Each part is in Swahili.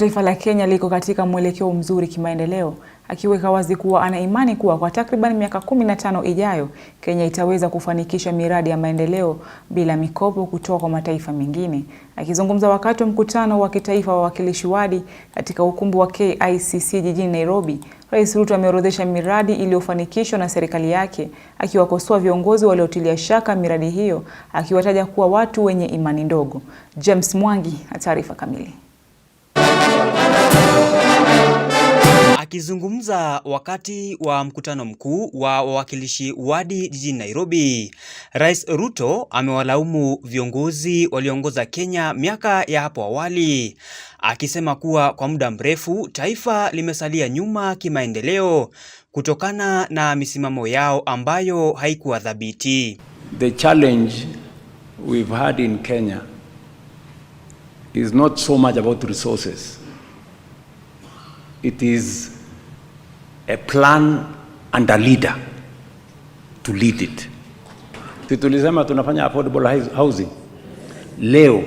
Taifa la Kenya liko katika mwelekeo mzuri kimaendeleo, akiweka wazi kuwa ana imani kuwa kwa takriban miaka 15 ijayo, Kenya itaweza kufanikisha miradi ya maendeleo bila mikopo kutoka kwa mataifa mengine. Akizungumza wakati wa mkutano wa kitaifa wa wawakilishi wadi katika ukumbi wa KICC jijini Nairobi, Rais Ruto ameorodhesha miradi iliyofanikishwa na serikali yake, akiwakosoa viongozi waliotilia shaka miradi hiyo, akiwataja kuwa watu wenye imani ndogo. James Mwangi na taarifa kamili. Akizungumza wakati wa mkutano mkuu wa wawakilishi wadi jijini Nairobi, Rais Ruto amewalaumu viongozi walioongoza Kenya miaka ya hapo awali, akisema kuwa kwa muda mrefu taifa limesalia nyuma kimaendeleo kutokana na misimamo yao ambayo haikuwa thabiti. The challenge we've had in Kenya is not so much about resources It is a plan and a leader to lead it. Si tulisema tunafanya affordable housing leo,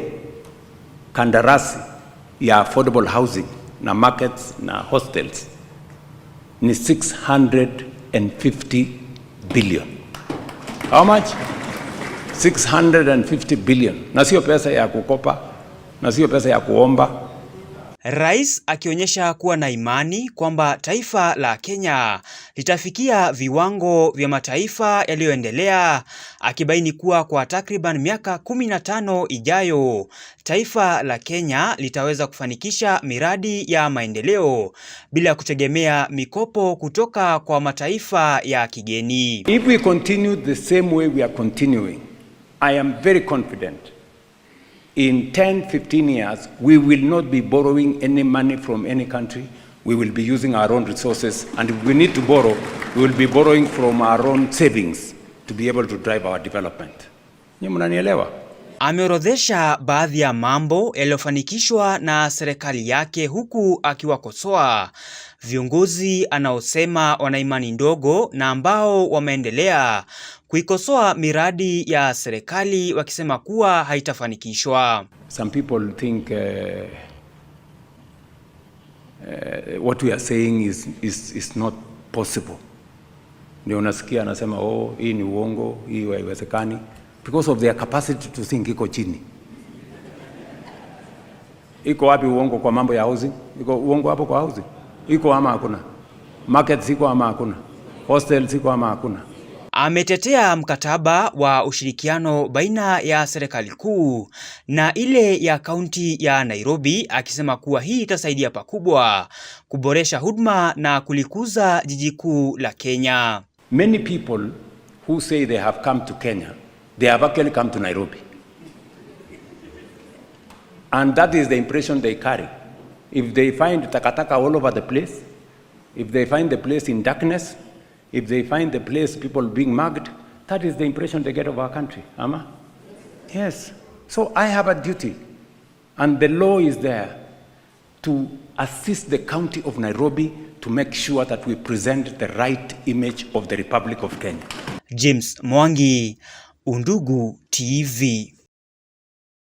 kandarasi ya affordable housing na markets na hostels ni 650 billion. How much? 650 billion, na sio pesa ya kukopa na sio pesa ya kuomba Rais akionyesha kuwa na imani kwamba taifa la Kenya litafikia viwango vya mataifa yaliyoendelea, akibaini kuwa kwa takriban miaka kumi na tano ijayo taifa la Kenya litaweza kufanikisha miradi ya maendeleo bila kutegemea mikopo kutoka kwa mataifa ya kigeni. If we continue the same way we are continuing, I am very confident in 10, 15 years, we will not be borrowing any money from any country. We will be using our own resources. And if we need to borrow, we will be borrowing from our own savings to be able to drive our development. Nyinyi Ameorodhesha baadhi ya mambo yaliyofanikishwa na serikali yake huku akiwakosoa viongozi anaosema wana imani ndogo na ambao wameendelea kuikosoa miradi ya serikali wakisema kuwa haitafanikishwa. Some people think uh, uh, what we are saying is, is, is not possible. Ndio unasikia anasema oh, hii ni uongo, hii haiwezekani because of their capacity to think iko chini. Iko wapi uongo kwa mambo ya housing? Iko uongo hapo kwa housing? Iko ama hakuna? market ziko ama hakuna? hostel ziko ama hakuna? Ametetea mkataba wa ushirikiano baina ya serikali kuu na ile ya kaunti ya Nairobi akisema kuwa hii itasaidia pakubwa kuboresha huduma na kulikuza jiji kuu la Kenya. Many people who say they have come to Kenya They have actually come to Nairobi. And that is the impression they carry. If they find takataka all over the place, if they find the place in darkness, if they find the place people being mugged, that is the impression they get of our country. Ama? Yes. So I have a duty, and the law is there to assist the county of Nairobi to make sure that we present the right image of the Republic of Kenya. James Mwangi Undugu TV.